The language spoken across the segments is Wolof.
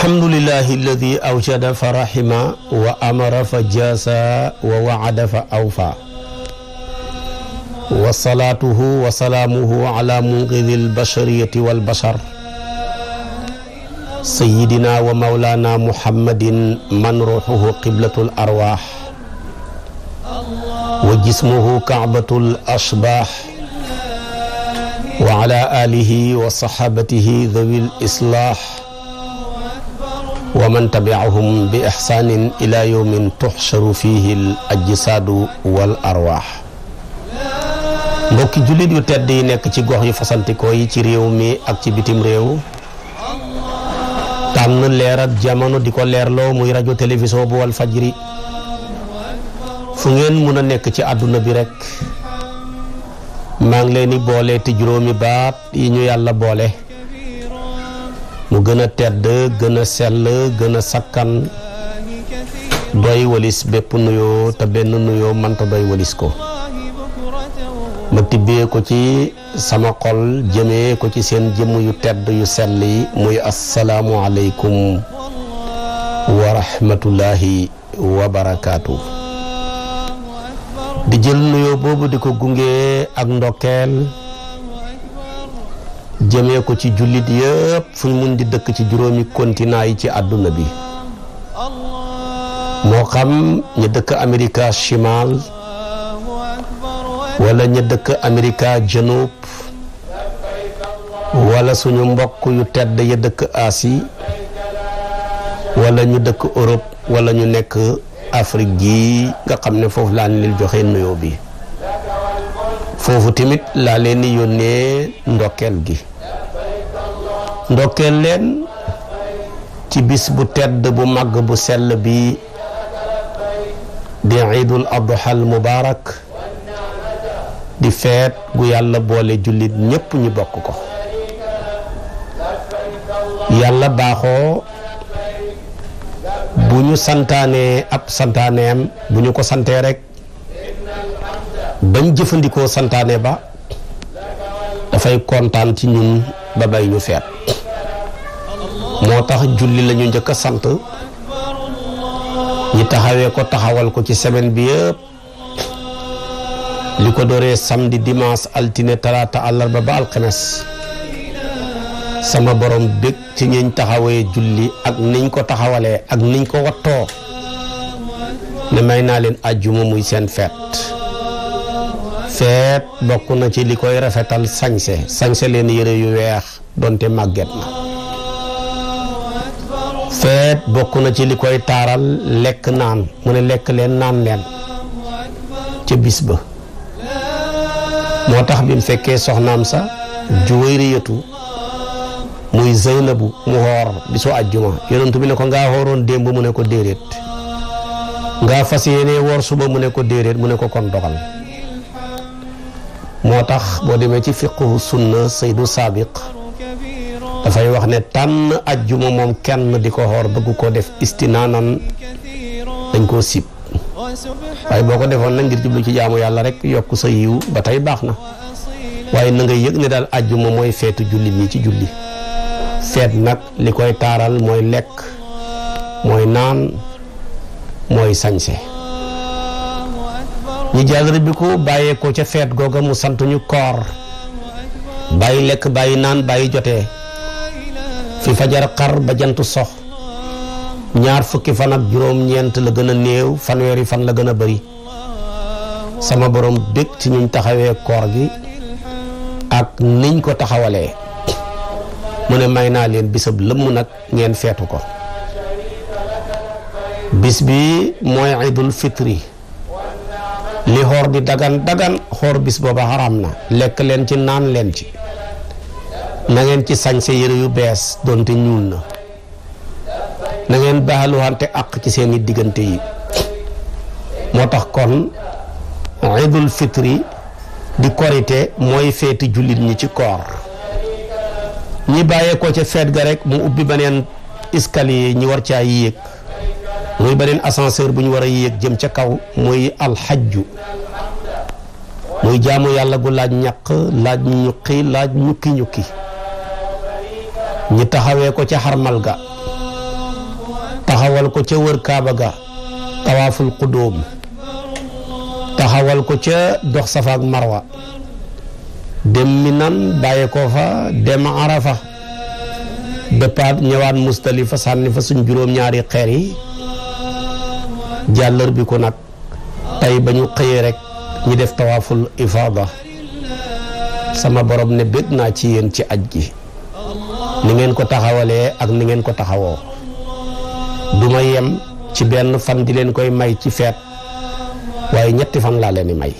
alhamdulillahi alladi awjada fa rahima wa amara fa jaasa wa waada fa awfa wa salaatuhu wa salaamuhu ala munqidi albashariyati walbashar sayidina wa maulana muhammadin man ruuxuhu qiblatu larwaax wa jismuhu kaabatu lashbaax wa ala alihi wa saxaabatihi dawi lislaax wa man tabiahum bi ixsaanin ila yowmin tuxcharu fihi l ajsaadu wal arwaax mbokki jullit yu tedd yi nekk ci gox yu fasantikoo yi ci réew mi ak ci bitim réew tànn leer jamono di ko leerloo muy rajo télévision bu wal fajri fu ngeen mun a nekk ci àdduna bi rekk maa ngi leen di boole te juróomi baat yi ñu yàlla boole mu gën a tedd gën a sell gën a sakkan doy walis bépp nuyoo te benn nuyoo manta doy walis ko ma tibbee ko ci sama xol jëmee ko ci seen jëmm yu tedd yu sell muy asalaamu aleykum wa rahmatullahi wa di jël nuyoo boobu di ko gunge ak ndokkeel jëmee ko ci jullit yëpp fu ñu mun di dëkk ci juróomi continent yi ci àdduna bi moo xam ñu dëkk Amérique chimal wala ñi dëkk Amérique janub wala suñu mbokk yu tedd ya dëkk Asie wala ñu dëkk Europe wala ñu nekk Afrique ji nga xam ne foofu laa leen joxe nuyoo bi foofu tamit laa leen yónnee ndokkeel gi ndokkeel leen ci bis bu tedd bu màgg bu sell bi di iidul adha al mubaarak di feet gu yàlla boole jullit ñépp ñu bokk ko yàlla baaxoo bu ñu santaanee ab santaaneem bu ñu ko santee rek bañ jëfandikoo santaane ba dafay kontaan ci ñun ba bay ñu feet moo tax julli lañu ñu njëkk a sant ñi taxawee ko taxawal ko ci semaine bi yëpp li ko doree samdi dimanche altine talaata àllarba ba alxames sama borom bég ci ñiñ taxawee julli ak niñ ko taxawalee ak niñ ko wattoo ne may naa leen àjjuma muy seen feet seet bokk na ci li koy rafetal sañse sañse leen yére yu weex donte màgget na feet bokk na ci li koy taaral lekk naan mu ne lekk leen naan leen ca bis ba moo tax bi mu fekkee soxnaam sa Juwayriyatu muy Zeynabu mu xoor bisu àjjuma yonent bi ne ko ngaa xooroon démb mu ne ko déedéet ngaa fas yéenee woor suba mu ne ko déedéet mu ne ko kon dogal moo tax boo demee ci fiqhu sunna saydu saabiq dafay wax ne tànn ajjuma moom kenn di ko xoor bëgg koo def istinaanan dañ koo sib waaye boo ko defoon na ngir jublu ci jaamu yàlla rek yokk sa yiw ba tey baax na waaye nanga nga yëg ne daal ajjuma mooy feetu julli mii ci julli feet nag li koy taaral mooy lekk mooy naan mooy sañse ñu jàllale bi ko bàyyee ca feet googa mu sant ñu koor bàyyi lekk bàyyi naan bàyyi jotee fi fajar xar ba jant sox ñaar fukki fan ak juróom-ñeent la gën a néew fanweeri fan la gën a bari sama borom bég ci ñu taxawee koor gi ak niñ ko taxawalee mu ne may naa leen bisab lëmm nag ngeen feetu ko bis bi mooy idul fitri li xoor di dagan dagan xoor bis booba xaram na lekk leen ci naan leen ci na ngeen ci sañse yére yu bees doonte ñuul na na ngeen baaluwante àq ci seeni diggante yi moo tax kon idul fitri di korite mooy feeti jullit ñi ci koor ñi bàyyee ko ca feet ga rek mu ubbi beneen escalier ñi war caa yéeg muy beneen ascenseur bu ñu war a yéeg jëm ca kaw muy alxajju muy jaamu yàlla gu laaj ñaq laaj ñuqi laaj ñukki ñukki ñi taxawee ko ca xarmal ga taxawal ko ca wër kaaba ga tawaaful qudóom taxawal ko ca dox safa marwa dem minan bàyyi ko fa dem arafa départ ñëwaat fa sànni fa suñu juróom ñaari xeer yi jàllar bi ko nag tey ba ñu xëyee rek ñu def tawaaful ifaada sama borom ne bët naa ci yéen ci aj gi ni ngeen ko taxawalee ak ni ngeen ko taxawoo du ma yem ci benn fan di leen koy may ci feet waaye ñetti fan laa leen di may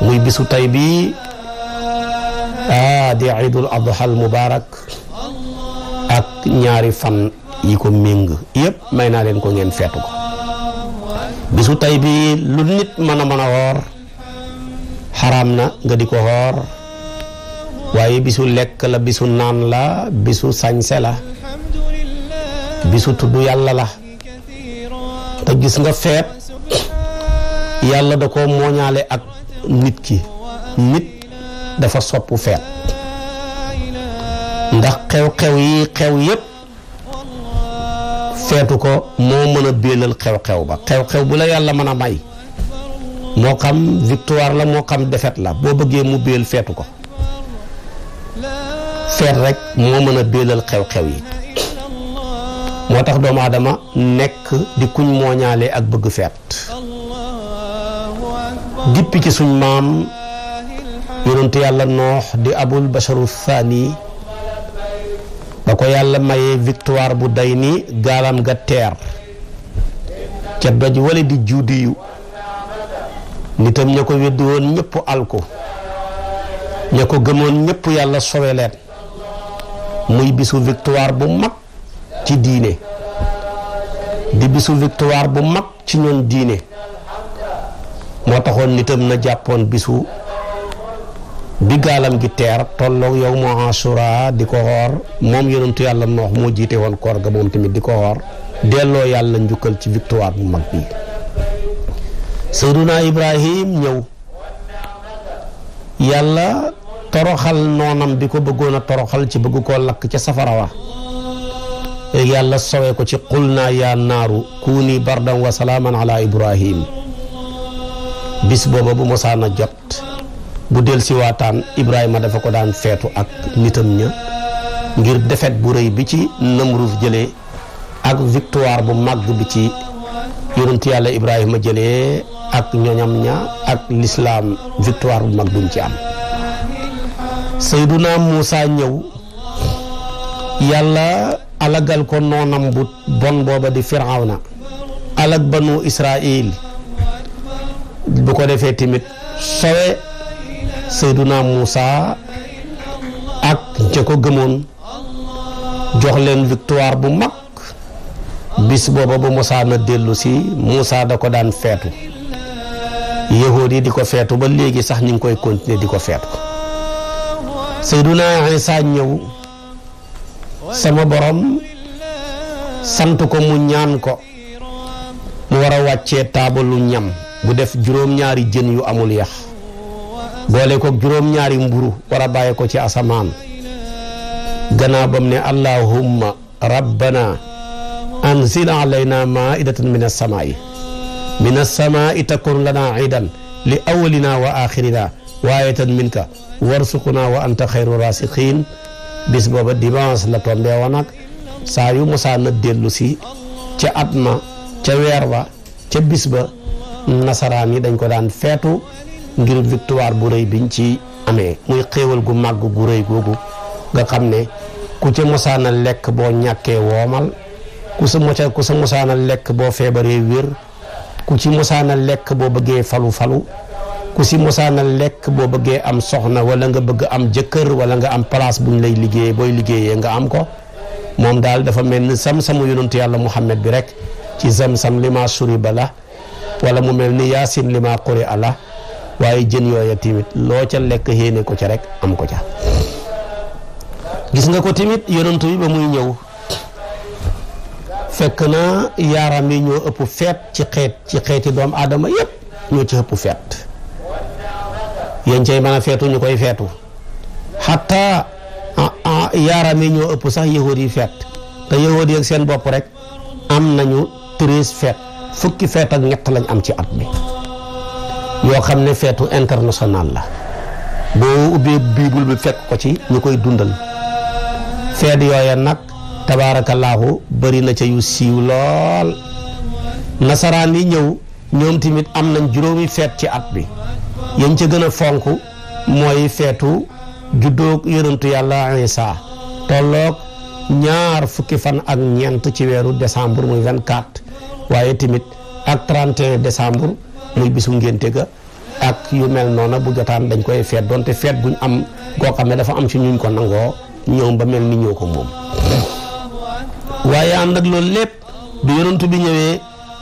muy bisu tey bii a ah, di iidul adha al mubaarak ak ñaari fan yi ko méng yëpp may naa leen ko ngeen feetu ko bisu tey bi lu nit mën a mën a woor xaraam na nga di ko woor waaye bisu lekk la bisu naan la bisu sañse la bisu tudd yàlla la te gis nga feet yàlla da ko mooñaale ak nit ki nit dafa sopp feet ndax xew-xew yi xew yépp feetu ko moo mën a béelal xew-xew ba xew-xew bu la yàlla mën a may moo xam victoire la moo xam defet la boo bëggee mu béel feetu ko feet rek moo mën a béelal xew-xew yi moo tax doomu aadama nekk di kuñ mooñaale ak bëgg feet dippi ci suñ maam yonentu yàlla noox di abul basharu thani ba ko yàlla mayee victoire bu day nii gaalam ga teer ca doj wala di juudiyu nitam ña ko weddi woon ñëpp alku ña ko gëmoon ñépp yàlla sowe leen muy bisu victoire bu mag ci diine di bisu victoire bu mag ci ñoom diine moo taxoon nitam na jàppoon bisu diggaalam gi teer tolloog yow moo asura di ko xoor moom yonentu yàlla noox moo jiite woon koor ga tamit di ko delloo yàlla njukkal ci victoire bu mag bi seyduna ibrahim ñëw yàlla toroxal noonam bi ko bëggoon a toroxal ci bëgg ko lakk ca safara wa yàlla sowee ko ci qul naa yaa naaru kuuni bardan wa salaaman ala ibrahim bis booba bu mosaana jot bu del si waataan Ibrahima dafa ko daan feetu ak nitam ña ngir defet bu rëy bi ci Namruuf jële ak victoire bu màgg bi ci yonent yàlla Ibrahima jële ak ñoñam ña ak lislaam victoire bu mag buñ ci am Seyduna Muusa ñëw yàlla alagal ko noonam bu bon booba di Firawna alag banu Israil bu ko defee tamit sowe Seyduna Muusa ak ña ko gëmoon jox leen victoire bu mag bis booba bu Musaa na dellu si Muusa da ko daan feetu yahood yi di ko feetu ba léegi sax ñu ngi koy continuer di ko feetu Seyduna Isaa ñëw sama borom sant ko mu ñaan ko mu war a wàccee taabalu ñam bu def juróom-ñaari jën yu amul yax boole ko juróom-ñaari mburu war a bàyyi ko ci asamaan gannaaw bam ne allahumma rabbana anzil alayna maidatan min alsamaai min alsamaai takun lana iidan li awalina wa axirina waayatan minka warsuquna wa anta xayru rasiqin bis booba dimanche la tombe woon nag saa yu mosaan a dellu si ca at ma ca weer ba ca bis ba nasaraan yi dañ ko daan feetu ngir victoire bu rëy biñ ci amee muy xéewal gu màgg gu rëy googu nga xam ne ku ci mosaana lekk boo ñàkkee woomal ku sa moca ku sa mosaana lekk boo feebaree wér ku ci mosaana lekk boo bëggee falu-falu ku si mosaana lekk boo bëggee am soxna wala nga bëgg am jëkkër wala nga am place buñ lay liggéeyee booy liggéeyee nga am ko moom daal dafa mel ni sam-samu yonantu yàlla muhammad bi rek ci zam-sam li ma suriba wala mu mel ni yaasin li ma ala waaye jën yooya tamit loo ca lekk xéene ko ca rek am ko ca gis nga ko tamit yonantu bi ba muy ñëw fekk na yaaram yi ñoo ëpp feet ci xeet ci xeeti doom aadama yëpp ñoo ci ëpp feet yéen cay mën a feetu ñu koy feetu xataa yaaram yi ñoo ëpp sax yahuud yi feet te yahuud yi ak seen bopp rek am nañu treize feet fukki feet ak ñett lañ am ci at bi yoo xam ne feetu international la boo ubbee biibul bi fekk ko ci ñu koy dundal feet yooya nag tabaarakallaahu bari na ca yu siiw lool nasaraan yi ñëw ñoom tamit am nañ juróomi feet ci at bi yañ ca gën a fonk mooy feetu juddoog yonentu yàlla saa tolloog ñaar fukki fan ak ñeent ci weeru décembre muy vingt 24 waaye tamit ak 31 décembre muy bisu ngénte ga ak yu mel noona bu jotaan dañ koy feet doonte feet guñ am koo xam ne dafa am ci ñu ko nangoo ñoom ba mel ni ñoo ko moom waaye ànd ak loolu lépp du yonantu bi ñëwee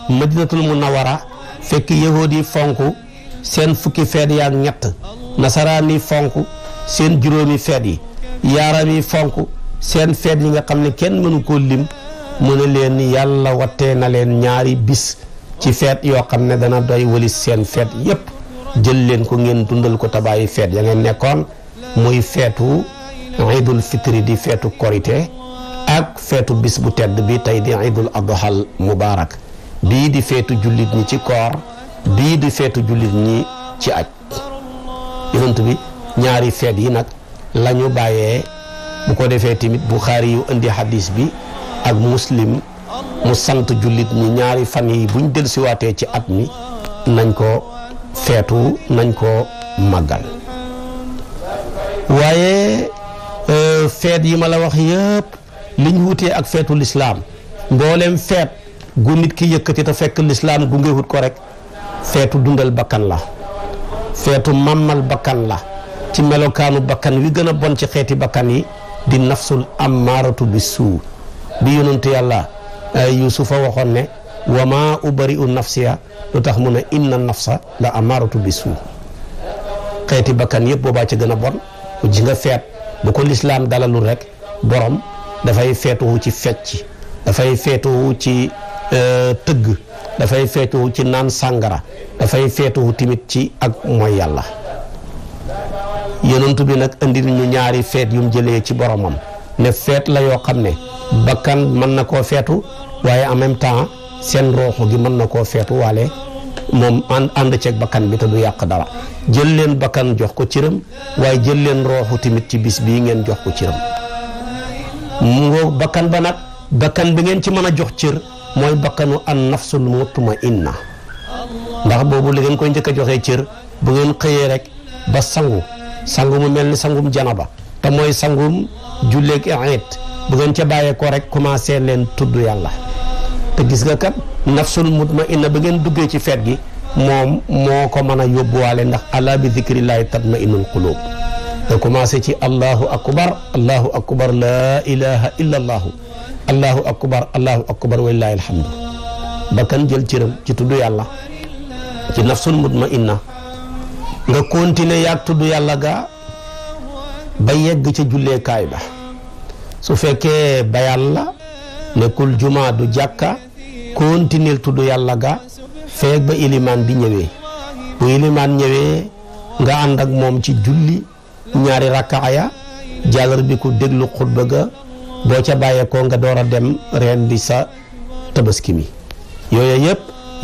madinatul munawara fekk yahood yi fonk seen fukki feet yi ak ñett nasaraan yi fonk seen juróomi feet yi yaaram yi fonk seen feet yi nga xam ne kenn mënu koo lim mu ne leen yàlla wattee na leen ñaari bis ci feet yoo xam ne dana doy walis seen feet yépp jël leen ko ngeen dundal ko tabaayi feet ya ngeen nekkoon muy feetu iidul fitri di feetu korite ak feetu bis bu tedd bi tey di iidul adhal mubaarak bii di feetu jullit ñi ci koor bii di feetu jullit ñi ci aj yonent bi ñaari feet yi nag lañu bàyyee bu ko defee tamit buxaari yu indi hadis bi ak muslim mu sant jullit ñi ñaari fan yi buñ dellusiwaatee ci at mi nañ ko feetu nañ ko màggal waaye euh, feet yi ma la wax yëpp liñ wutee ak feetu lislaam mboolem feet gu nit ki yëkkati te fekk lislaam gu ngewut ko rek feetu dundal bakkan la feetu màmmal bakkan la ci melokaanu bakkan wi gën a bon ci xeeti bakkan yi di nafsul ammaaratu bi suu bi yonante yàlla yusufa waxoon ne wa ma ubari'u nafsiya lu tax mu ne inna nafsa la amaaratu bisu xeeti bakkan yëpp boobaa ci gën a bon ji nga feet bu ko lislaam dalalul rek borom dafay feetuwu ci fecc dafay feetuwu ci euh, tëgg dafay feetuwu ci naan sàngara dafay feetuwu timit ci ak mooy yàlla yonent bi nag andil ñu ñaari feet yum jëlee ci boromam ne feet la yoo xam ne bakkan mën na koo feetu waaye en même temps seen rooxu gi mën na koo feetu waale moom ànd ànd ceeg bakkan bi te du yàq dara jël leen bakkan jox ko cëram waaye jël leen rooxu tamit ci bis bii ngeen jox ko cëram bakkan ba nag bakkan bi ngeen ci mën a jox cër mooy bakkanu an nafsul mutma na ndax boobu la ngeen koy njëkk a joxee cër bu ngeen xëyee rek ba sangu sangu mu mel ni sangum janaba te mooy sangum julleeg iid bu ngeen ca bàyyee ko rek commencé leen tudd yàlla te gis nga kat nafsul mutmainna ba ngeen duggee ci feet gi moom moo ko mën a waale ndax ala bi zikrillahi tatma'innul qulub nga commencé ci allahu akbar allahu akbar la ilaha illa allahu allahu akbar allahu akbar walillahi alhamdu ba kan jël cëram ci tudd yàlla ci nafsul mutmainna nga continuer yaag tudd yàlla ga ba yegg ca julleekaay ba su fekkee ba yàlla nekkul jumaa du jàkka continuer tudd yàlla ga feeg ba ilimaan bi ñëwee bu ilimaan ñëwee nga ànd ak moom ci julli ñaari rakkaaya jàllar bi ku déglu xutba ga boo ca bàyyeekoo nga door a dem ren di sa tabaski mi yooyu yëpp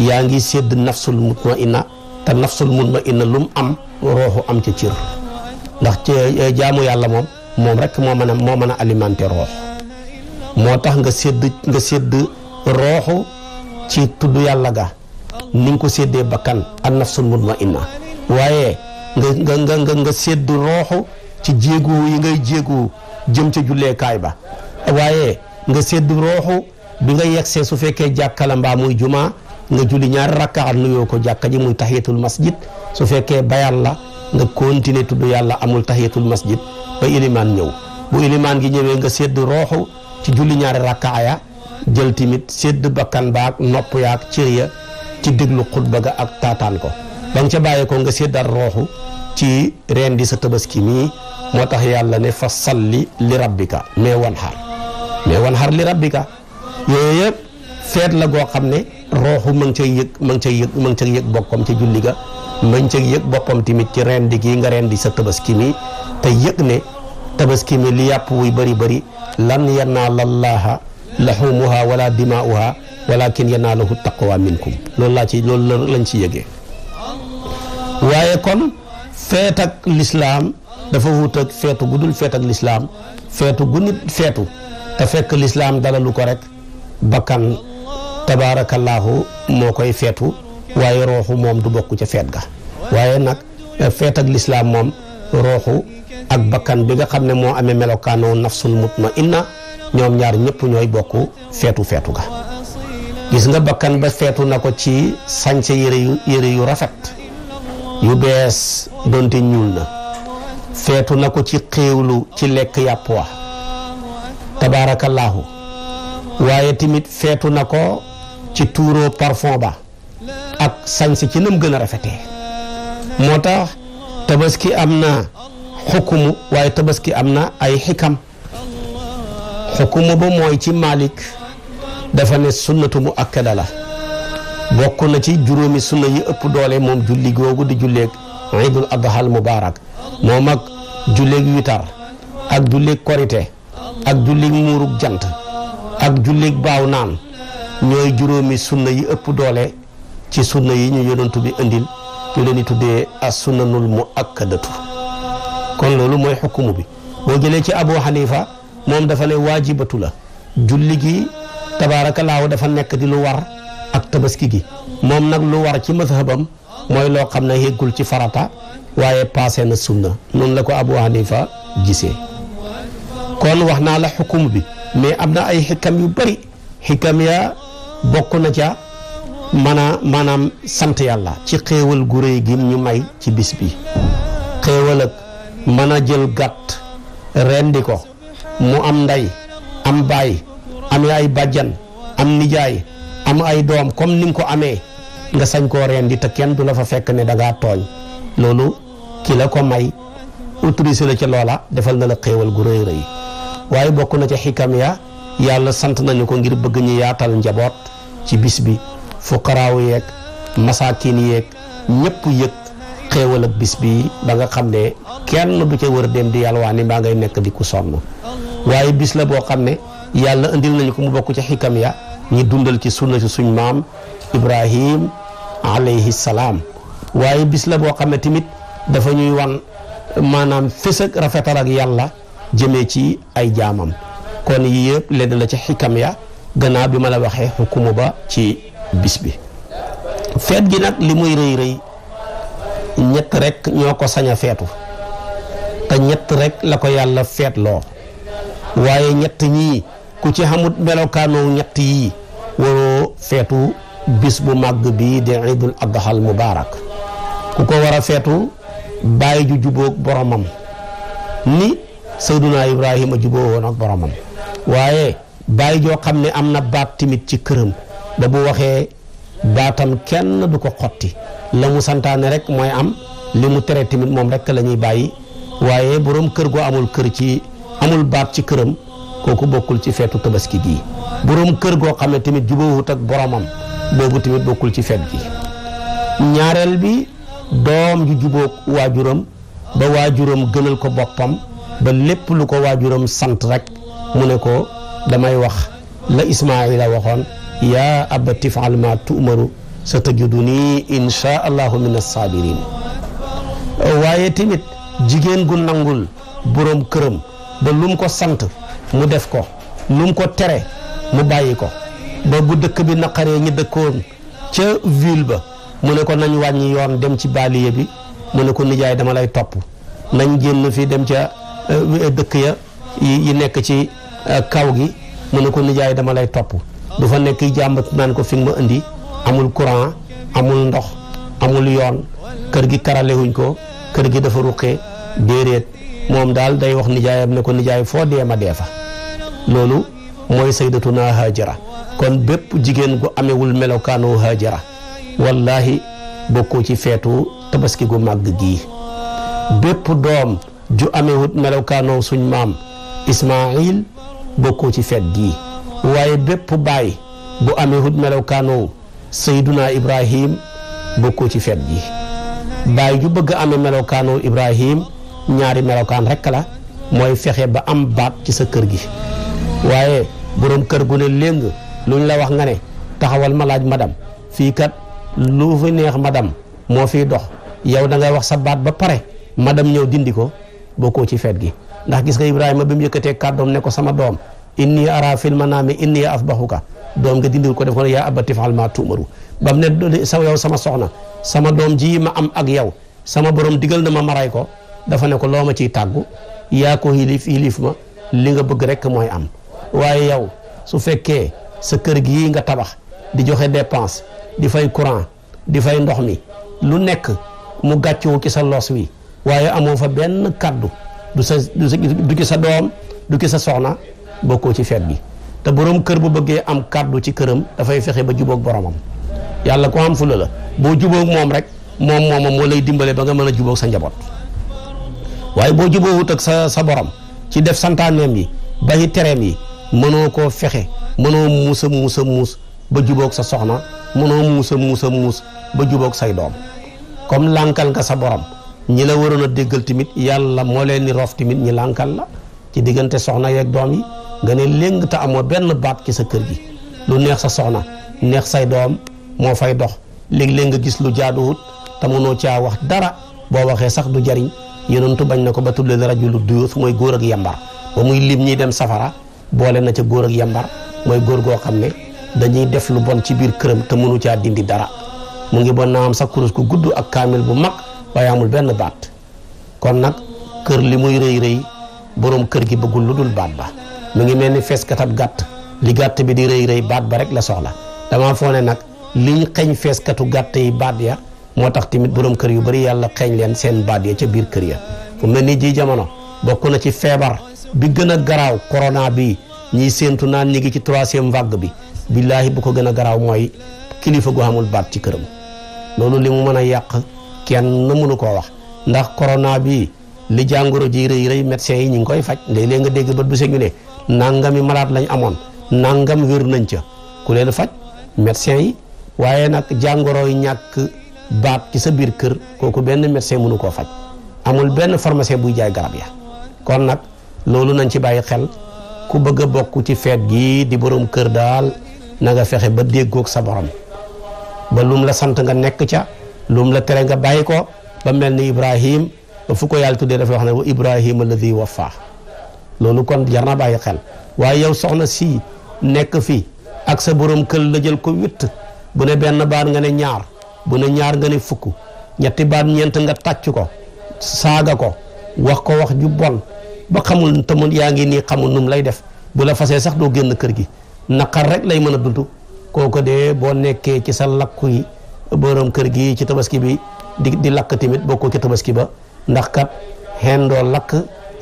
yaa ngi sedd nafsul mutmainna te nafsul mutmainna lu mu am ruuxu am ca cër ndax ci eh, jaamu yàlla moom moom rek moo mën a moo mën a alimenté roox moo tax nga sedd nga sedd rooxu ci tudd yàlla ga ni ko seddee bakkan an nafsul mutmainna waaye nga nga nga nga ci jéegu ngay jéegu jëm ca julleekaay ba waaye nga sédd rooxu bi nga yegsee su fekkee jàkka la mbaa muy jumaa nga julli ñaari rakkaat nuyoo ko jàkka ji muy tahiyatul masjid su fekkee bayal la nga continuer tudd yàlla amul tahiyatul masjid ba ilimaan ñëw bu ilimaan gi ñëwee nga sédd rooxu ci julli ñaari rakkaaya jël timit sedd bakkan baak nopp yaak cër ya ci déglu xutba ga ak taataan ko ba nga ca bàyyee ko nga séddal rooxu ci reen di sa tabaski mii moo tax yàlla ne fa salli li rabbika mais wan xar mais wan xar li rabbika yooyu yëpp feet la goo xam ne rooxu ma ngi cay yëg ma ngi cay yëg ma ngi cay yëg bokkom ca julli ga mëncëg yëg boppam tamit ci rendi gi nga rendi sa tabaski mi te yëg ne tabaski mi li yàpp wuy bari bari lan yanaala llaaha laxumuha wala dimaa'uha walakin yanaaluhu taqwa minkum loolu laa ci loolu lañ ci yëgee waaye kon feet ak lislaam dafa wut ak feetu gu dul feet ak lislaam feetu gu nit feetu te fekk lislaam dalalu ko rek bakkan tabaarakallaahu moo koy feetu waaye rooxu moom du bokk ca feet ga waaye nag feet ak lislaam moom rooxu ak bakkan bi nga xam ne moo amee melokaanoo nafsul mutmainna ñoom ñaar ñëpp ñooy bokk feetu feetu ga gis nga bakkan ba feetu na ko ci sañse yëre yu yëre yu rafet yu bees doonte ñuul na feetu na ko ci xéewlu ci lekk yàpp wa tabaarakallaahu waaye tamit feetu na ko ci tuuroo parfum ba ak sañse ci nam gën a rafete moo tax tabaski am na xukumu waaye tabaski am na ay xikam xukumu ba mooy ci Malik dafa ne sunnatu mu akkada la bokk na ci juróomi sunna yi ëpp doole moom julli googu di julleeg Iidul Adhal Mubaarak moom ak julleeg witar ak julleeg korite ak julleeg muurug jant ak julleeg baaw naan ñooy juróomi sunna yi ëpp doole ci sunna yi ñu yonantu bi indil ñu leen di tuddee as sunnanul mu akkadatu kon loolu mooy xukumu bi moo jëlee ci Abu Hanifa moom dafa ne waajibatu la julli gi tabaarakallaahu dafa nekk di lu war ak tabaski gi moom nag lu war ci mazhabam mooy loo xam ne yëggul ci farata waaye passé na sunna noonu la ko Abu Hanifa gisee kon wax naa la xukum bi mais am na ay xikam yu bari xikam ya bokk na ca mën a maanaam sant yàlla ci xéewal gu réy gi ñu may ci bis bi xéewal ak mën a jël gàtt rendi ko mu am ndey am baay am ay bàjjan am nijaay am ay doom comme ni ko amee nga sañ koo rendi te kenn du la fa fekk ne da ngaa tooñ loolu ki la ko may autorisé la ca loola defal na la xéewal gu rëy rëy waaye bokk na ca xikam ya yàlla sant nañu ko ngir bëgg ñu yaatal njaboot ci bis bi fukaraaw yeeg masaakin yeeg ñëpp yëg xéewal ak bis bi ba nga xam ne kenn du ca wër dem di yàlla waa ni mbaa ngay nekk di ku sonn waaye bis la boo xam ne yàlla indil nañu ko mu bokk ci xikam ya ñi dundal ci sunna ci suñ maam ibrahim alayhi salaam waaye bis la boo xam ne tamit dafa ñuy wan maanaam fës rafetal ak yàlla jëmee ci ay jaamam kon yii lenn la ci xikam ya gannaaw bi ma la waxee xukumu ba ci bis bi feet gi nag li muy rëy rëy ñett rekk ñoo ko saña a feetu te ñett rekk la ko yàlla feetloo waaye ñett ñii ku ci xamut melokaanoo ñett yii waroo feetu bis bu màgg bii di Iidul Adhal Mubaarak ku ko war a feetu bàyyi ju jubóog boromam ni Seydunaa Ibrahima jubóo woon ak boromam waaye bàyyi joo xam ne am na baat timit ci këram ba bu waxee baatam kenn du ko xotti la santaane rek mooy am li mu tere tamit moom rek la ñuy bàyyi waaye boroom kër goo amul kër ci amul baat ci këram kooku bokkul ci feetu tabaski gi boroom kër goo xam ne tamit jubóowut ak boroomam boobu tamit bokkul ci feet gi ñaareel bi doom ju jubóog waajuram ba waajuram gënal ko boppam ba lépp lu ko waajuram sant rek mu ne ko damay wax la Ismaayila waxoon yaa abati faal maa tu'maru sa tajiduni insha allahu min assabirin waaye tamit jigéen gu nangul boroom këram ba lum ko sant mu def ko lu ko tere mu bàyyi ko ba bu dëkk bi naqaree ñi dëkkoon ca ville ba mu ne ko nañ wàññi yoon dem ci baaliye bi mu ne ko nijaay dama lay topp nañ génn fi dem ca euh, dëkk ya yi nekk ci euh, kaw gi mu ne ko nijaay dama lay topp du fa nekk jàmbat naan ko fi ma indi amul courant amul ndox amul yoon kër gi karalewuñ ko kër gi dafa ruqee déeréet moom daal day wax nijaayam ne ko nijaay foo dee ma dee fa loolu mooy naa Haajara kon bépp jigéen gu amewul melokaanu Haajara wallahi bokkoo ci feetu tabaski gu màgg gii bépp doom ju amewut melokaanoo suñ maam Ismaayil bokkoo ci feet gii waaye bépp baay bu amee hut melokaanoo sayduna ibrahim bokkoo ci feet gi baay ju bëgg amee melokaanoo ibrahim ñaari melokaan rekk la mooy fexe ba am baat ci sa kër gi waaye boroom kër gu ne léng luñ la wax nga ne taxawal ma laaj madam fii kat lu fi neex madam moo fiy dox yow da ngay wax sa baat ba pare madam ñëw dindi ko bokkoo ci feet gi ndax gis nga Ibrahima bi mu yëkkatee kàddoom ne ko sama doom inni ara fil manaami inni asbahuka doom nga dindil ko def ko ne yaa abati faal maa tuumaru ba mu ne sa yow sama soxna sama doom ji ma am ak yow sama boroom digal na ma maray ko dafa ne ko loo ma ciy tàggu yaa ko hilif hilif ma li nga bëgg rek mooy am waaye yow su fekkee sa kër gii nga tabax di joxe dépense di fay courant di fay ndox mi lu nekk mu gàccewu ci sa los wi waaye amoo fa benn kàddu du sa du ci sa doom du ci sa soxna bokkoo ci feet bi te boroom kër bu bëggee am kàddu ci këram dafay fexe ba jubóog boromam yàlla ko am fula la boo jubóog moom rek moom moomam moo lay dimbale ba nga mën a jubóog sa njaboot waaye boo jubóowut ak sa sa borom ci def santaaneem yi bàyyi tereem yi mënoo koo fexe mënoo muus a muus ba jubóog sa soxna mënoo muus a muus muus ba jubóog say doom comme lànkal nga sa borom ñi la waroon a déggal tamit yàlla moo leen ni roof tamit ñi lànkal la ci diggante soxna yeeg doom yi nga ne léng te amoo benn baat ki sa kër gi lu neex sa soxna neex say doom moo fay dox léeg-léeg nga gis lu jaaduwut te mënoo caa wax dara boo waxee sax du jariñ yonentu bañ na ko ba tuddee rajulu duyuus mooy góor ak yambar ba muy lim ñiy dem safara boole na ca góor ak yambar mooy góor goo xam ne dañuy def lu bon ci biir këram te mënu caa dindi dara mu ngi bon naa am sax kurus ku gudd ak kaamil bu mag waaye amul benn baat kon nag kër li muy rëy rëy boroom kër gi bëggul lu dul baat ba mu ngi mel ni feeskat gàtt li gàtt bi di rëy rëy baat ba rek la soxla damaa foo nag liñ xeeñ feeskatu gàtt yi baat ya moo tax tamit borom kër yu bari yàlla xeeñ leen seen baat ya ca biir kër ya fu mel ni ji jamono bokk na ci feebar bi gën a garaaw corona bi ñiy séentu naan ñi ci troisième vague bi billaahi bu ko gën a garaaw mooy kilifa gu amul baat ci këram loolu li mu mën a yàq kenn mënu ko wax ndax corona bi li jàngoro ji rëy rëy médecins yi ñu ngi koy faj léeg-léeg nga dégg bët bu se ne nangami malaat lañ amoon nangam wér nañ ca ku leen faj médecin yi waaye nag jàngoro jàngoroy ñàkk baat ci sa biir kër kooku benn médecin mënu koo faj amul benn pharmacien buy jaay garab ya kon nag loolu nañ ci bàyyi xel ku bëgg a bokk ci feet gi di boroom kër daal na fexe ba déggoog sa borom ba lum la sant nga nekk ca lum la tere nga bàyyi ko ba mel ni Ibrahim fu ko yàlla tuddee dafay wax ne wa Ibrahima alladi wafa loolu kon jar na bàyyi xel waaye yow soxna si nekk fii ak sa borom kël la jël ko witt bu ne benn baat nga ne ñaar bu ne ñaar nga ne fukk ñetti baat ñeent nga tàcc ko saaga ko wax ko wax ju bon ba xamul te mun yaa ngi nii xamul num lay def bu la fasee sax doo génn kër gi naqar rek lay mën a dund kooku dee boo nekkee ci sa lakku yi borom kër gi ci tabaski bi di di lakk tamit bokkoo ci tabaski ba ndax kat xendoo lakk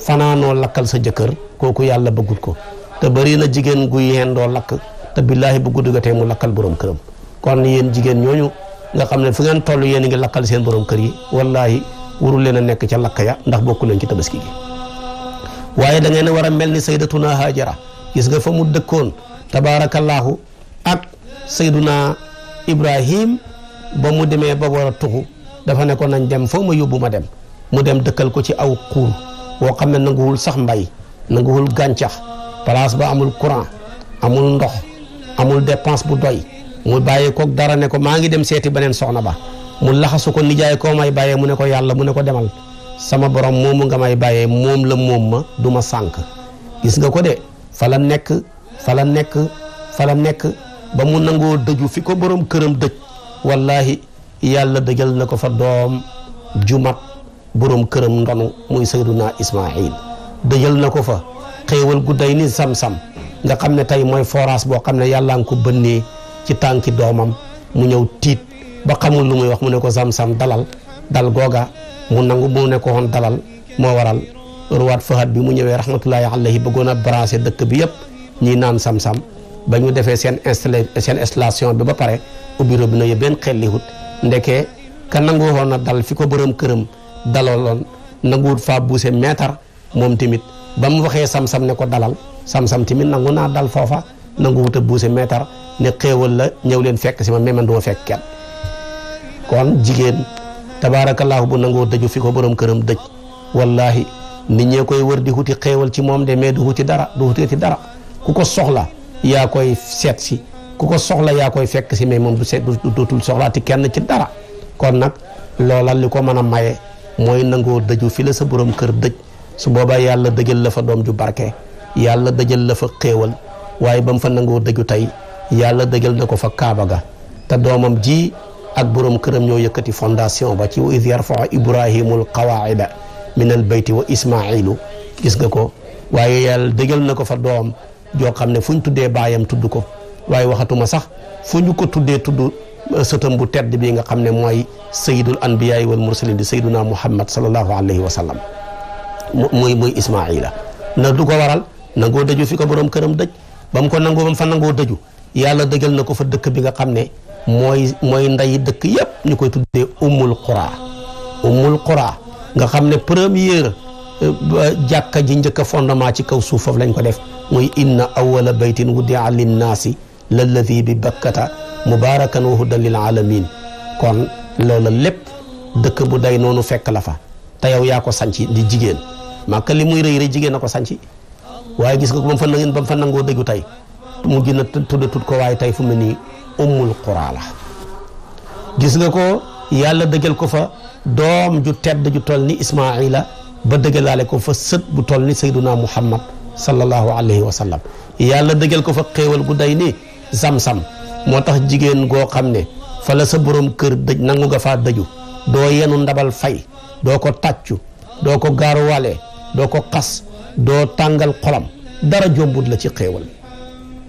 fanaanoo lakkal sa jëkkër kooku yàlla bëggut ko te bëri na jigéen gu yendoo lakk te billaahi bu guddi tey mu lakkal boroom këram kon yéen jigéen ñooñu nga xam ne fu ngeen toll yéen a ngi lakkal seen borom kër yi wallaahi warul leen a nekk ca lakk ya ndax bokku leen ci tabaski gi waaye da ngeen war a mel ni saydatuna Haajara gis nga fa mu dëkkoon tabaarakallaahu ak sayduna Ibrahim ba mu demee ba war a tuxu dafa ne ko nañ dem foo ma yóbbu ma dem mu dem dëkkal ko ci aw xuur boo xam ne nanguwul sax mbay nanguwul gàncax place ba amul courant amul ndox amul dépense bu doy mu bàyyi kook dara ne ko maa ngi dem seeti beneen soxna ba mu laxasu ko nijaay koo may bàyyee mu ne ko yàlla mu ne ko demal sama borom moomu nga may bàyyee moom la moom ma du ma sànk gis nga ko de fa la nekk fa la nekk fa nekk ba mu nangoo dëju fi ko boroom këram dëj wallaahi yàlla dëjal na ko fa doom jumat boroom këram ndonu muy sayduna ismail dëjal na ko fa xéewal gu day ni sam-sam nga xam ne tey mooy forage boo xam ne yàllaa ngi ko bënnee ci tànki doomam mu ñëw tiit ba xamul lu muy wax mu ne ko sam-sam dalal dal googa mu nangu mu ne ko woon dalal moo waral ruwaat fahad bi mu ñëwee rahmatullahi alayhi bëggoon a branché dëkk bi yëpp ñuy naan sam-sam ba ñu defee seen installé seen installation bi ba pare ubbi robinet yi benn xel lihut ndekee ka nangu woon a dal fi dalaloon nanguwut faa buuse meetar moom tamit ba mu waxee sam-sam ne ko dalal sam-sam tamit nangu naa dal foofa nanguwut a buuse meetar ne xéewal la ñëw leen fekk si ma même doo fekk kenn kon jigéen tabaarakallaahu bu nangoo dëju fi ko borom këram dëj wallahi nit ñee koy wër di huti ci moom de mais du huti dara du huti dara ku ko soxla yaa koy seet si ku ko soxla yaa koy fekk si mais moom du seet dootul soxlaati kenn ci dara kon nag loola li ko mën a maye mooy nangoo dëju fi la sa borom kër dëj su boobaa yàlla dëjal la fa doom ju barke yàlla dëjal la fa xéewal waaye ba mu fa nangoo dëju tey yàlla dëjal na ko fa kaaba ga te doomam ji ak borom këram ñoo yëkkati fondation ba ci wa id yarfaa ibrahimul qawaida min al bayti wa ismailu gis nga ko waaye yàlla dëjal na ko fa doom joo xam ne fu ñu tuddee baayam tudd ko waaye waxatuma sax fu ñu ko tuddee tudd sëtam bu tedd bi nga xam ne mooy sayidul anbiyaay wal mursalin di sayiduna muhammad salallahu alayhi wa sallam muy muy ismaila na du ko waral nangoo dëju fi ko borom këram dëj ba mu ko nangoo ba mu dëju yàlla dëgal na ko fa dëkk bi nga xam ne mooy mooy nday dëkk yépp ñu koy tuddee ummul qura ummul qura nga xam ne première jàkka ji njëkk a fondement ci kaw suuf foofu lañ ko def muy inna awala baytin wudia linnaasi lalladi bi bakkata mubarakan wa hudan lil kon loola lépp dëkk bu day noonu fekk la fa te yow yaa ko sanci di jigéen màkka li muy rëy rëy jigéen a ko sanci waaye gis nga ko ba mu fa fa nangoo dëggu tey mu gën a tudda tut ko waaye tey fu mu nii ummul quraa la gis nga ko yàlla dëggal ko fa doom ju tedd ju tol ni ismaa ismaila ba dëggalaale ko fa sët bu toll ni sayduna muhammad sallallahu alayhi wa sallam yàlla dëggal ko fa xéewal bu day nii samsam moo tax jigéen goo xam ne fa la sa borom kër dëj nangu nga faa dëju doo yenu ndabal fay doo ko tàccu doo ko gaaruwaale doo ko xas doo tàngal xolam dara jombut la ci xéewal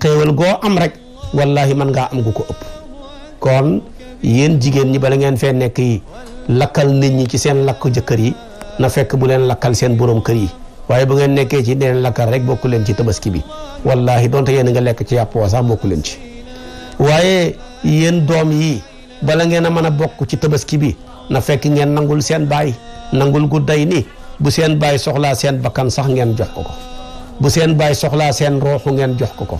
xéewal goo am rek wallahi man ngaa am gu ko ëpp kon yéen jigéen ñi bala ngeen fee nekk yi lakkal nit ñi ci seen lakk jëkkër yi na fekk bu leen lakkal seen borom kër yi waaye bu ngeen nekkee ci deen lakkar rek bokk leen ci tabaski bi wallahi donte yéen nga lekk ci yàpp wa sax bokku leen ci waaye yéen doom yi bala ngeen a mën a bokk ci tabaski bi na fekk ngeen nangul seen baay nangul gu day ni bu seen baay soxlaa seen bakkan sax ngeen jox ko ko bu seen baay soxlaa seen rooxu ngeen jox ko ko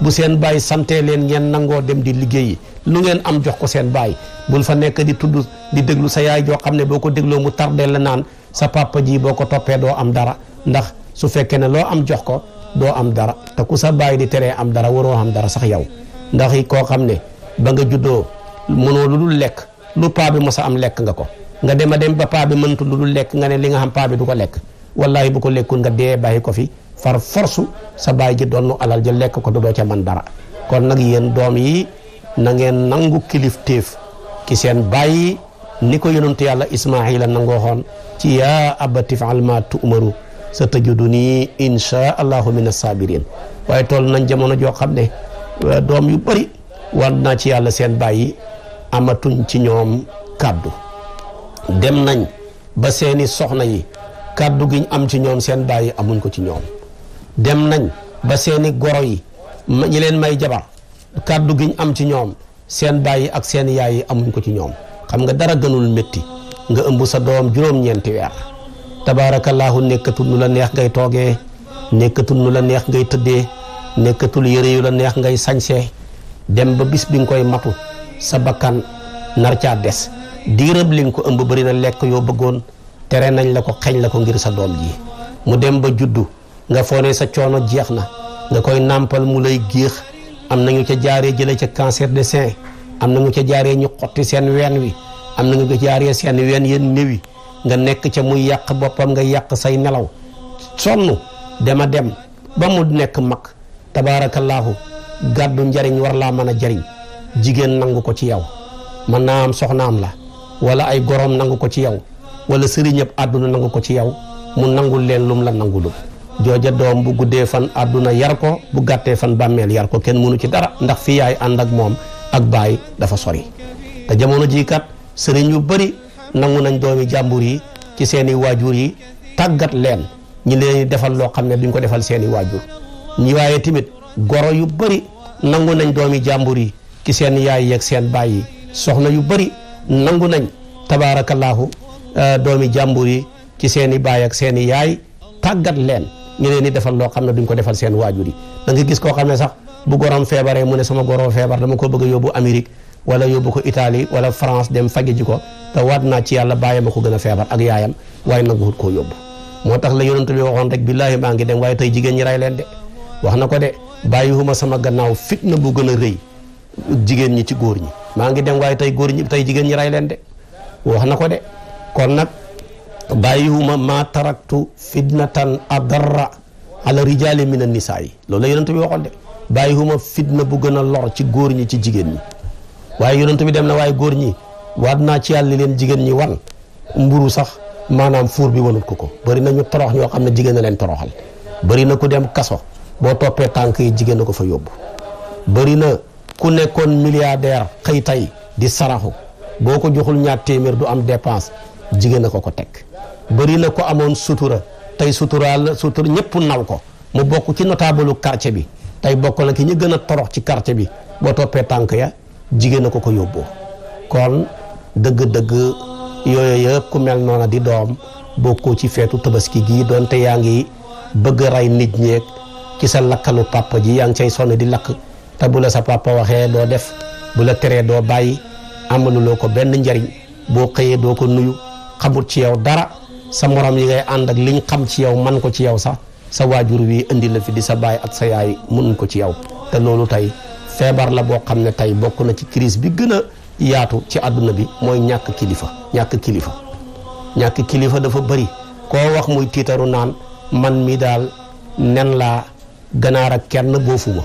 bu seen baay santee leen ngeen nangoo dem di liggéeyi lu ngeen am jox ko seen baay bul fa nekk di tudd di déglu sa yaay joo xam ne boo ko dégloo mu tardé la naan sa papa ji boo ko toppee doo am dara ndax su fekkee ne loo am jox ko doo am dara te ku sa bàyyi di teree am dara waroo am dara sax yow ndaxi koo xam ne ba nga juddoo mënoo lu dul lekk lu paa bi mos a am lekk nga ko nga dem a dem ba paa bi mëntu lu dul lekk nga ne li nga xam paa bi du ko lekk wallahi bu ko lekkul nga dee bàyyi ko fi far forsu sa bàyyi ji doon nu alal ja lekk ko doo ca man dara kon nag yéen doom yi na ngeen nangu téef ki seen bàyyi ni ko yonentu yàlla Ismaayila nangoo xoon ci yaa abati faal ma tu'maru sa tëjudu nii insha allahu min assabirin waaye tool nañ jamono joo xam ne euh, doom yu bari wan naa ci yàlla seen bàyyi amatuñ ci ñoom kàddu dem nañ ba seeni soxna yi kàddu giñ am ci ñoom seen bàyyi amuñ ko ci ñoom dem nañ ba seeni goro yi ñi leen may jabar kàddu giñ am ci ñoom seen bàyyi ak seen yaay yi amuñ ko ci ñoom xam nga dara gënul metti nga ëmb sa doom juróom-ñeenti weer tabaarakallaahu nekkatul nu la neex ngay toogee nekkatul nu la neex ngay tëddee nekkatul yére yu la neex ngay sañsee dem ba bis bi nga koy matu sa bakkan nar caa des diirëb li nga ko ëmb bëri na lekk yoo bëggoon tere nañ la ko xeñ la ko ngir sa doom ji mu dem ba juddu nga foone sa coono jeex na nga koy nàmpal mu lay géex am nañu ca jaaree jële ca cancer de sein am na nañu ca jaaree ñu xotti seen ween wi am nañu ca jaaree seen ween yéen néwi nga nekk ca mu yàq boppam nga yàq say nelaw sonn dema dem ba mu nekk mag tabaarakallaahu gàddu njariñ war laa mën a jariñ jigéen nangu ko ci yow mën naa am soxnaam la wala ay goroom nangu ko ci yow wala sëriñëb àdduna nangu ko ci yow mu nangul leen lum la nangulul jooja doom bu guddee fan àdduna yar ko bu gàttee fan bàmmeel yar ko kenn mënu ci dara ndax fi yaay ànd ak moom ak baay dafa sori te jamono jii kat sëriñ yu bari nangu nañ doomi jàmbur yi ci seeni waajur yi tàggat leen ñu leen defal loo xam ne duñ ko defal seeni waajur ñu waaye tamit goro yu bëri nangu nañ doomi jàmbur yi ci seen yaay yeeg seen baay yi soxna yu bëri nangu nañ tabaarakallaahu euh, doomi jàmbur yi ci seeni baay ak seeni yaay tàggat leen ñu leen di defal loo xam ne duñ ko defal seen waajur yi da gis koo xam ne sax bu gorom feebaree mu ne sama goroo feebar dama ko bëgg a yóbbu Amérique wala yóbbu ko Italie wala France dem faje ji ko te waat naa ci yàlla bàyyi ma ko gën a feebar ak yaayam waaye nanguwut koo yóbbu moo tax la yonent bi waxoon rek billaahi maa ngi dem waaye tey jigéen ñi rey leen de wax na ko de bàyyiwuma sama gannaaw fitna bu gën a rëy jigéen ñi ci góor ñi maa ngi dem waaye tey góor ñi tey jigéen ñi rey leen de wax na ko de kon nag bàyyiwuma maa taraktu fitnatan adarra ala rijaali min an nisaa yi loolu la yonent bi waxoon de bàyyiwuma fitna bu gën a lor ci góor ñi ci jigéen ñi waaye yonent bi dem na waaye góor ñi waat naa ci yàlla leen jigéen ñi wan mburu sax maanaam fuur bi wanut ko ko bari na ñu torox ñoo xam ne jigéen na leen toroxal bari na ku dem kaso boo toppee tànk yi jigéen na ko fa yóbbu bëri na ku nekkoon milliardaire xëy tay di saraxu boo ko joxul ñaar téeméer du am dépense jigéen na ko ko teg bëri na ko amoon sutura tey suturaal sutura ñëpp naw ko mu bokk ci notable quartier bi tey bokk na ki ñu gën a torox ci quartier bi boo toppee tànk ya jigéen a ko ko yóbbu kon dëgg-dëgg yooyu yëpp ku mel noona di doom bokkoo ci feetu tabaski gi doonte yaa ngi bëgg rey nit ñeeg ci sa lakkalu papa ji yaa ngi cay sonn di lakk te bu la sa papa waxee doo def bu la teree doo bàyyi amaluloo ko benn njariñ boo xëyee doo ko nuyu xamul ci yow dara sa morom yi ngay ànd ak liñ xam ci yow man ko ci yow sax sa waajur wii indi la fi di sa bàyyi ak sa yaay mun ko ci yow te loolu tey feebar la boo xam ne tey bokk na ci crise bi gën a yaatu ci àdduna bi mooy ñàkk kilifa ñàkk kilifa ñàkk kilifa dafa bari koo wax muy tiitaru naan man mi daal nen laa ganaar ak kenn boofu ma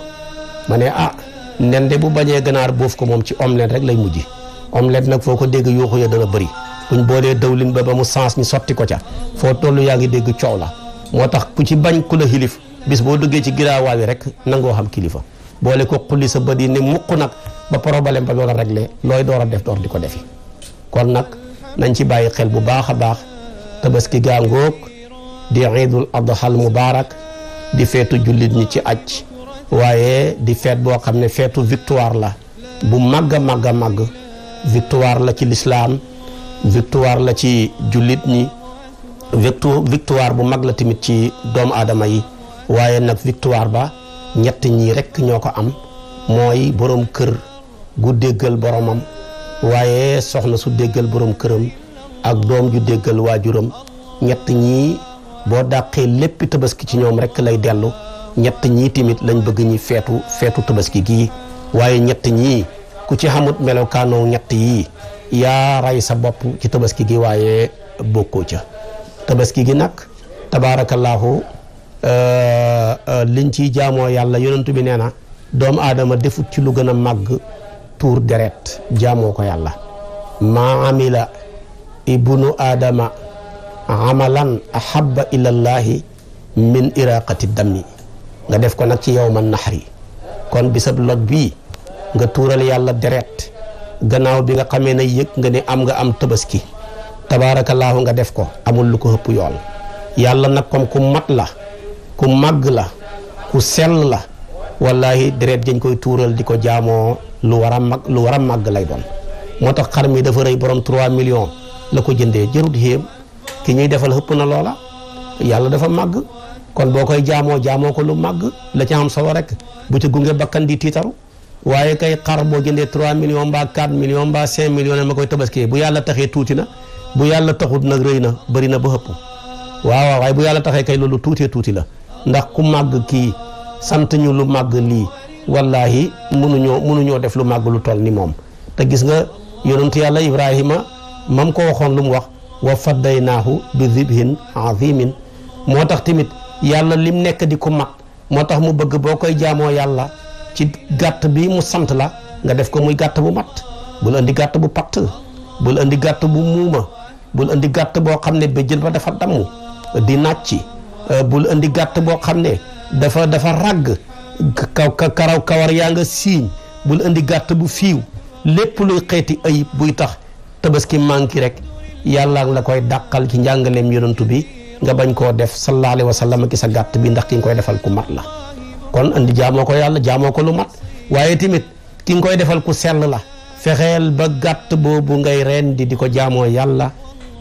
ma ne ah nen de bu bañee ganaar boof ko moom ci omelette rek lay mujj omelette nag foo ko dégg yuuxu ya dana bëri buñ boolee dawlin ba ba mu sens ñu sotti ko ca foo tollu yaa ngi dégg coow la moo tax ku ci bañ ku la xilif bis boo duggee ci giraawaay bi rek nangoo xam kilifa boole ko xulli sa bët yi ni mukk nag ba problème ba doon a réglé looy door a def door di ko defi kon nag nañ ci bàyyi xel bu baax a baax tabaski gaangoog di iidul adhal mubarak di feetu jullit ñi ci aj waaye di feet boo xam ne feetu victoire la bu màgg a màgg a màgg victoire la ci lislaam victoire la ci jullit ñi victoire bu mag la tamit ci doomu aadama yi waaye nag victoire ba ñett ñii rekk ñoo ko am mooy boroom kër gu déggal boromam waaye soxna su déggal boroom këram ak doom ju déggal waajuram ñett ñi boo dàqee léppi tabaski ci ñoom rekk lay dellu ñett ñii tamit lañ bëgg ñi feetu feetu tabaski gi waaye ñett ñi ku ci xamut melokaanoo ñett yi yaa rey sa bopp ci tabaski gi waaye bokkoo ca tabaski gi nag tabaarakallaahu Euh, euh, liñ ciy jaamoo yàlla yonentu bi nee na doomu aadama defut ci lu gën a màgg tuur deret jaamoo ko yàlla maa amila ibnu aadama amalan ahabba ilallahi min iraqati dammi nga def ko nag ci yawma nahri kon bisab loj bi nga tuural yàlla deret gannaaw bi nga xamee ne yëg nga ne am nga am tabaski tabaarakallaahu nga def ko amul lu ko hëpp yool yàlla nag comme ku mat la ku màgg la ku sell la wallahi deret dañ koy tuural di ko jaamoo lu war a mag lu war a màgg lay doon moo tax xar mi dafa rëy borom 3 millions la ko jëndee jërut xéem ki ñuy defal xëpp na loola yàlla dafa màgg kon boo koy jaamoo jaamoo ko lu màgg la ca am solo rek bu ci gunge bakkan di tiitaru waaye kay xar boo jëndee 3 millions mbaa 4 millions mbaa 5 millions ne ma koy tabaskee bu yàlla taxee tuuti na bu yàlla taxut nag rëy na bëri na ba xëpp waaw waaye bu yàlla taxee kay loolu tuutee tuuti la ndax ku màgg kii sant ñu lu màgg lii wallahi mënuñoo mënuñoo def lu màgg lu toll ni moom te gis nga yonent yàlla ibrahima moom ko waxoon lu mu wax wa faddaynaahu bi zibhin azimin moo tax tamit yàlla lim nekk di ko mat moo tax mu bëgg boo koy jaamoo yàlla ci gàtt bi mu sant la nga def ko muy gàtt bu mat bul andi gàtt bu patt bul indi gàtt bu muuma bul indi gàtt boo xam ne béjjën ba dafa damm di nàcc Euh, bul indi gàtt boo xam ne dafa dafa ragg kaw karaw kawar yaa nga siiñ bul indi gàtt bu fiiw lépp luy xeeti ayib buy tax tabaski manki rek yàlla la koy dàqal ci njàngaleem yonantu bi nga bañ koo def sallallahu alayhi wa sallam ki sa gàtt bi ndax ki nga koy defal ku mat la kon andi jaamoo ko yàlla jaamoo ko lu mat waaye tamit ki nga koy defal ku sell la fexeel ba gàtt boobu ngay reen di di ko jaamoo yàlla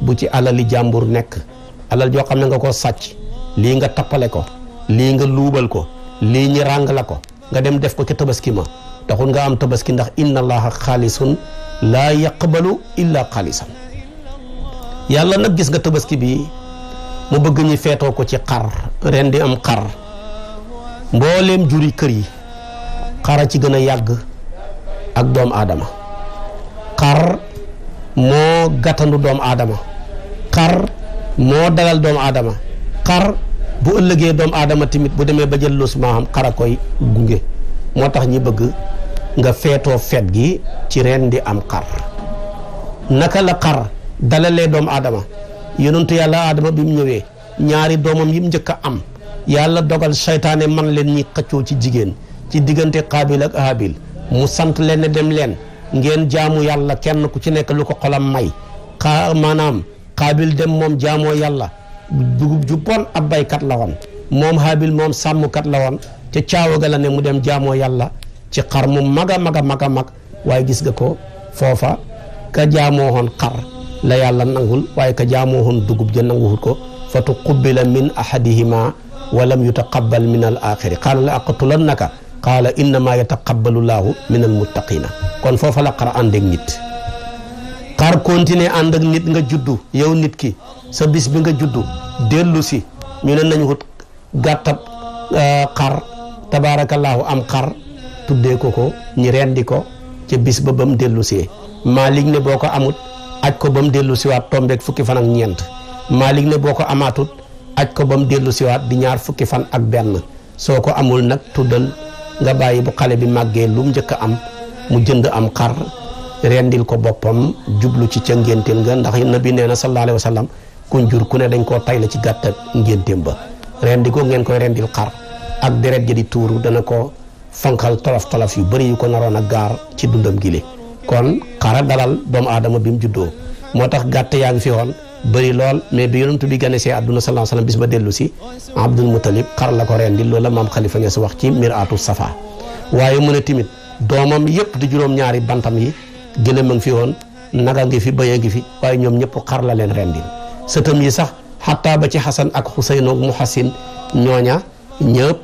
bu ci alali jàmbur nekk alal joo xam ne nga koo sàcc lii nga tappale ko lii nga luubal ko lii ñi ràng la ko nga dem def ko ca tabaski ma taxul nga am tabaski ndax inna allaha xaalisun laa yaqbalu illa xaalisan yàlla nag gis nga tabaski bi mu bëgg ñu feetoo ko ci xar ren di am xar mbooleem juri kër yi xara ci gën a yàgg ak doomu aadama xar moo gàttandu doom aadama xar moo dalal doom aadama xar bu ëllëgee doomu aadama tamit bu demee ba jël loos maam xara koy gunge moo tax ñi bëgg nga feetoo feet gi ci reen di am xar naka la xar dalalee doomu aadama yonentu yàlla aadama bi mu ñëwee ñaari doomam yi mu njëkk a am yàlla dogal seytaane man leen ñi xëccoo ci jigéen ci diggante Qaabil ak Haabil mu sant leen dem leen ngeen jaamu yàlla kenn ku ci nekk lu ko xolam may xaa maanaam Qaabil dem moom jaamoo yàlla dugub ju bon ab baykat la woon moom Haabil moom sàmmkat la woon ca caawa ga la ne mu dem jaamoo yàlla ci xar mu mag a mag a mag a mag waaye gis nga ko foofa ka jaamoo woon xar la yàlla nangul waaye ka jaamoo woon dugub ja nanguwut ko fa tuqubbila min ahadihima wa lam yutaqabbal min al axiri qaala la aqtulannaka qaala innama yataqabbalu llahu min al muttaqina kon foofa la xar ànd ak nit far ànd ak nit nga juddu yow nit ki sa bis bi nga juddu dellu si ñu ne nañ wut gàtta euh, xar tabaarakallaahu am xar tuddee ko ko ñi rendi ko ca bis ba ba mu dellu see Malick ne boo ko amut aj ko ba mu dellu siwaat tombeek fukki fan ak ñeent Malick ne boo ko amaatut aj ko ba mu dellu siwaat di ñaar fukki fan ak benn soo ko amul nag tuddal nga bàyyi bu xale bi màggee lu mu njëkk a am mu jënd am xar rendil ko boppam jublu ci ca ngénteel nga ndax nabi nee na sallallahu alayhi wa sallam kuñ jur ku ne dañ koo tay la ci gàttal ngénteem ba rendi ko ngeen koy rendil xar ak deret ja di tuuru dana ko fanqal tolof-tolof yu bëri yu ko naroon a gaar ci dundam gi li kon xara dalal doomu aadama bi mu juddoo moo tax gàtt yaa ngi fi woon bëri lool mais bi yonent bi ganesee àdduna sallallahu alayhi wasallam bis ba dellu si Abdul Mutalib xar la ko rendi loolu la maam Khalifa Niass wax ci miraatu safa waaye mu ne tamit doomam yëpp di juróom-ñaari bantam yi gëlëm a ngi fi woon naga ngi fi bëy a ngi fi waaye ñoom ñëpp xar la leen rendil sëtam yi sax xataa ba ci xasan ak xuseyn ak muhasin ñooña ñëpp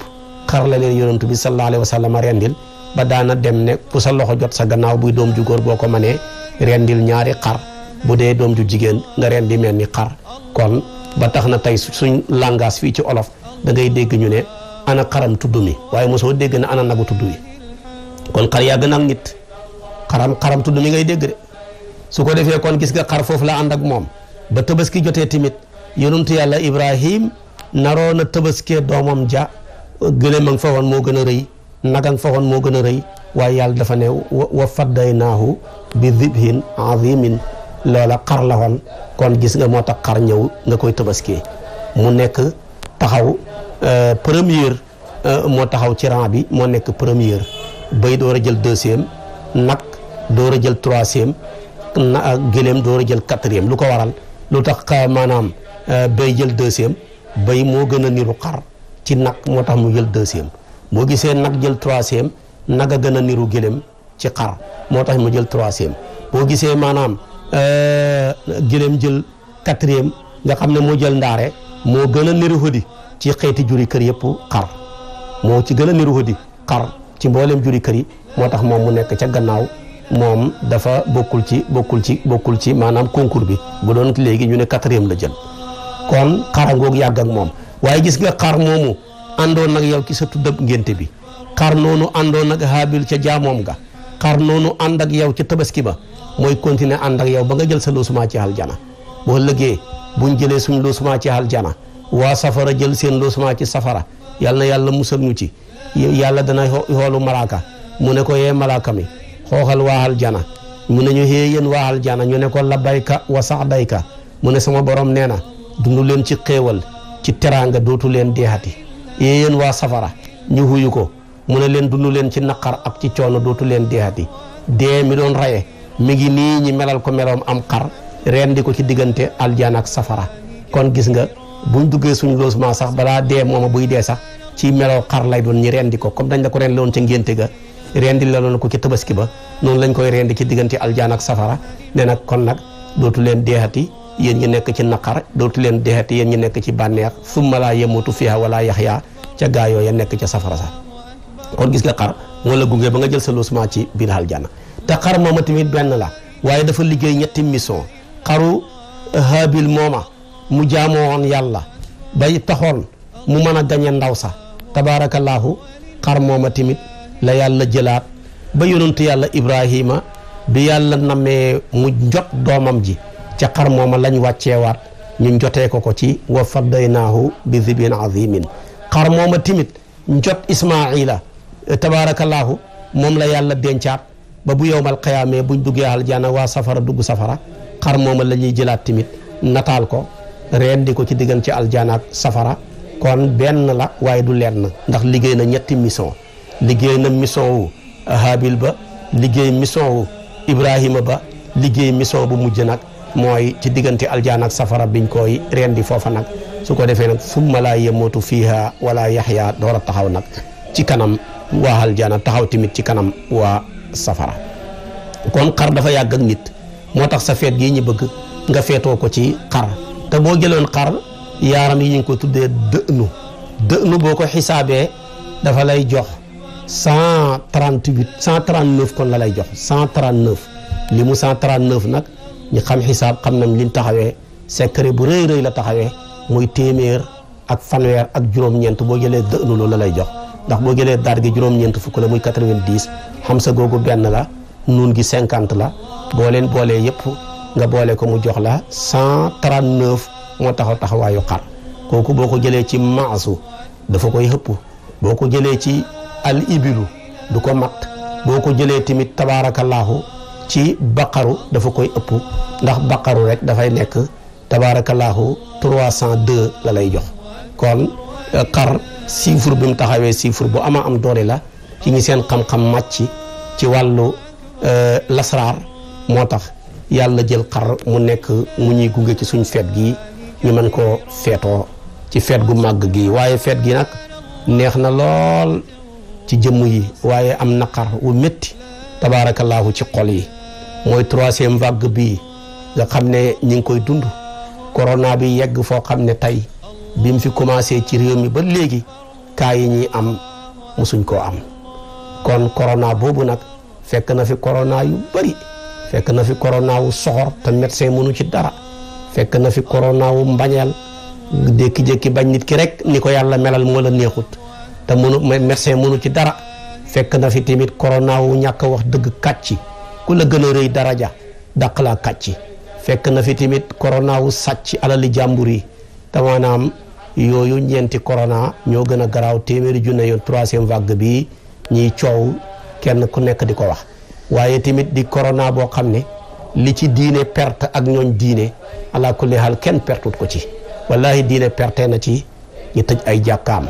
xar la leen yonent bi sallallahu alayhi wa sallam rendil ba daana dem ne fu sa loxo jot sa gannaaw buy doom ju góor boo ko mënee rendil ñaari xar bu dee doom ju jigéen nga rendi mel ni xar kon ba tax na tey suñ langage fii ci olof da ngay dégg ñu ne ana xaram tudd mi waaye mosoo dégg na ana nagu tudd wi kon xar yàgg na ak nit xaram xaram tudd mi ngay dégg de su ko defee kon gis nga xar foofu la ànd ak moom ba tabaski jotee tamit yonentu yàlla Ibrahim naroon a tabaskee doomam ja gëléem a nga fa woon moo gën a rëy nag a nga fa woon moo gën a rëy waaye yàlla dafa ne wa faddaynaahu bi dhibhin azimin loola xar la woon kon gis nga moo tax xar ñëw nga koy tabaskee mu nekk taxaw euh, première euh, moo taxaw ci rang bi moo nekk première bay doo a jël deuxième nag door a jël troisième na ak gëléem door a jël quatrième lu ko waral lu tax maanaam euh, bay jël deuxième bay moo gën a niru xar ci nag moo tax mu jël deuxième moo gisee nag jël troisième nag a gën a niru gëléem ci xar moo tax mu jël troisième boo gisee maanaam euh, gëléem jël quatrième nga xam ne moo jël ndaare moo gën a niru hëdi ci xeeti juri kër yëpp xar moo ci gën a niru hëdi xar ci mboolem juri kër yi moo tax moom mu nekk ca gannaaw moom dafa bokkul ci bokkul ci bokkul ci maanaam concours bi bu doon léegi ñu ne quatrième la jël kon xarangoog yàgg ak moom waaye gis nga xar moomu àndoon nag yow ci sa tuddab ngénte bi xar noonu àndoon ak haabil ca jaamoom ga xar noonu ànd ak yow ca tabaski ba mooy continuer ànd ak yow ba nga jël sa loosuma ci jana boo lëggee buñ jëlee suñ loosuma ci aljana waa safara jël seen loosuma ci safara yàlla na yàlla musal ñu ci yàlla dana xoolu malaaka mu ne ko yee malaaka mi xooxal waaxal jana mu ne ñu xëye yéen waaxal jana ñu ne ko labayka wa sax saxdayka mu ne sama borom nee na dundu leen ci xéewal ci teraanga dootu leen deexati xëye yéen waa safara ñu huyu ko mu ne leen dundu leen ci naqar ak ci coono dootu leen deexati dee mi doon raye mi ngi nii ñi melal ko meloom am xar ren ko ci diggante aljana ak safara kon gis nga bu ñu duggee suñ logement sax balaa dee mooma buy dee sax ci meloo xar lay doon ñi ren ko comme dañ la ko ren loon ca ngénte ga rendi la loon ko ci tabaski ba noonu lañ koy rendi ci diggante aljaan ak safara ne kon nag dootu leen deexati yéen ñi nekk ci naqar dootu leen deexati yéen ñi nekk ci bànneex summa laa yemutu fiha wala yaxyaa ca gaa yooya nekk ca safara sax kon gis nga xar moo la gunge ba nga jël sa logement ci biir aljana te xar mooma tamit benn la waaye dafa liggéey ñetti mission xaru Haabil mooma mu jaamoo yàlla bay taxoon mu mën a gañe ndaw sa la yàlla jëlaat ba yonent yàlla Ibrahima bi yàlla namee mu njot doomam ji ca xar mooma lañ wàcceewaat ñu njotee ko ko ci wa faddaynaahu bi zibin azimin xar mooma timit njot Ismaila tabaarakallaahu moom la yàlla dencaat ba bu yowmal bu ñu duggee aljaana waa safara dugg safara xar mooma la ñuy jëlaat timit nataal ko rendi ko ci diggan ci ak safara kon benn la waaye du lenn ndax liggéey na ñetti mission liggéey na mission wu Habil ba liggéey mission wu Ibrahima ba liggéey mission bu mujj nag mooy ci diggante aljaan ak safara biñ koy rendi foofa nag su ko defee nag summa laa yemutu fiiha wala yaxya door a taxaw nag ci kanam waa aljana taxaw tamit ci kanam waa safara kon xar dafa yàgg ak nit moo tax sa feet gii ñu bëgg nga feetoo ko ci xar te boo jëloon xar yaaram yi ñu ngi ko tuddee dë'nu dë'nu boo ko xisaabee dafa lay jox cent trente huit cent trente neuf kon la lay jox cent trente neuf li mu cent trente neuf nag ñu xam xisaab xam na li lim taxawee secret bu rëy rëy la taxawee muy téeméer ak fanweer ak juróom-ñeent boo jëlee dënnu loolu la lay jox ndax boo jëlee daar gi juróom-ñeent fukk la muy quatre vingt dix xam sa googu benn la nuun gi cinquante la boo leen boolee yëpp nga boolee ko mu jox la cent trent neuf moo taxaw taxawaayu xar kooku boo ko jëlee ci maasu dafa al ibilu du ko mat boo ko jëlee tamit tabaarakallaahu ci baqaru dafa koy ëpp ndax baqaru rek dafay nekk tabaarakallaahu trois cent deux la lay jox kon euh, xar chiffre bi mu taxawee chiffre bu ama am doole la ci ñi seen xam-xam màcc ci wàllu euh, lasraar moo tax yàlla jël xar mu nekk mu ñuy gunge ci suñ feet gi ñu mën ko feetoo ci feet gu màgg gi waaye feet gi nag neex na lool ci jëmm yi waaye am naqar wu métti tabaarakallaahu ci xol yi mooy troisième vague bii nga xam ne ñi ngi koy dund corona bi yegg foo xam ne tey bi mu fi commencé ci réew mi ba léegi kaa yi ñii am musuñ koo am kon corona boobu nag fekk na fi corona yu bëri fekk na fi corona wu soxor te médecin mënu ci dara fekk na fi korona wu mbañeel dékki-jékki bañ nit ki rek ni ko yàlla melal moo la neexut te mënu médecin mënul ci dara fekk na fi tamit corona wu ñàkk wax dëgg ci ku la gën a rëy daraja dàq laa ci fekk na fi tamit corona wu sàcc alali jàmbur yi te yooyu ñeenti corona ñoo gën a garaaw téeméeri junne yoon troisième vague bi ñiy coow kenn ku nekk di ko wax waaye tamit di corona boo xam ne li ci diine perte ak ñooñ diine ala kulli haal kenn pertut ko ci wallahi diine perte na ci ñu tëj ay jàkkaam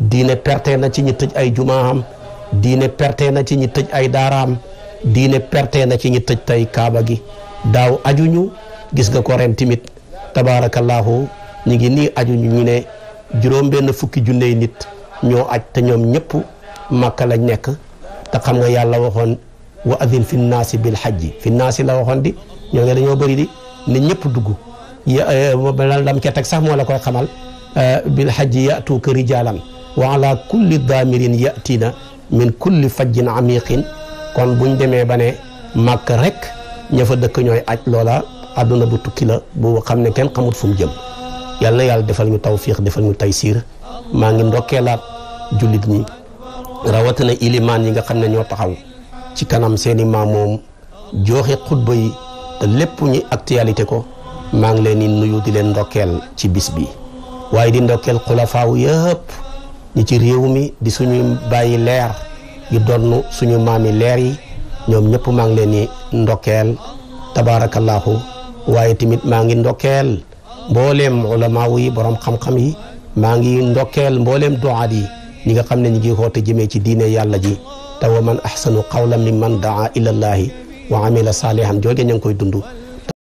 diine perte na ci ñi tëj ay jumaam diine perte na ci ñi tëj ay daaraam diine perte na ci ñi tëj tey kaaba gi daaw ajuñu gis nga ko ren timit tabaarakallaahu ñu ngi nii ajuñu ñu ne juróom benn fukki junney nit ñoo aj te ñoom ñëpp màkka lañ nekk te xam nga yàlla waxoon wa adin fi naasi bil xaj fi naasi la waxoon di ñoo ngi dañoo bëri di ne ñëpp dugg eh, lan lam ca teg sax moo la koy xamal eh, bil hajji yatuuka rijaalan wa ala kulli daamirin yatina min kulli fajjin amiqin kon bu ñu demee ba ne màkk rek ña fa dëkk ñooy aj loola àdduna bu tukki la bu xam ne kenn xamut fu jëm yàlla yàlla defal ñu tawfiix defal ñu siir maa ngi ndokkeelaat jullit ñi rawatina ilimaan yi nga xam ne ñoo taxaw ci kanam seeni maam moom jooxe xutba yi te lépp ñu actualité ko maa ngi leen di nuyu di leen ndokkeel ci bis bi waaye di ndokkeel xulafaaw yëpp ñi ci réew mi di suñuy bàyyi leer yu donn suñu maami leer yi ñoom ñëpp maa ngi leen di ndokkeel tabaarakallaahu waaye tamit maa ngi ndokkeel mbooleem ulamaaw yi borom xam yi maa ngi ndokkeel mbooleem duaat yi ñi nga xam ne ñi ngi xoote jëmee ci diine yàlla ji te wa man ahsanu qawlan mimman daa ilallaahi wa amila saalihan jooge ña ngi koy dund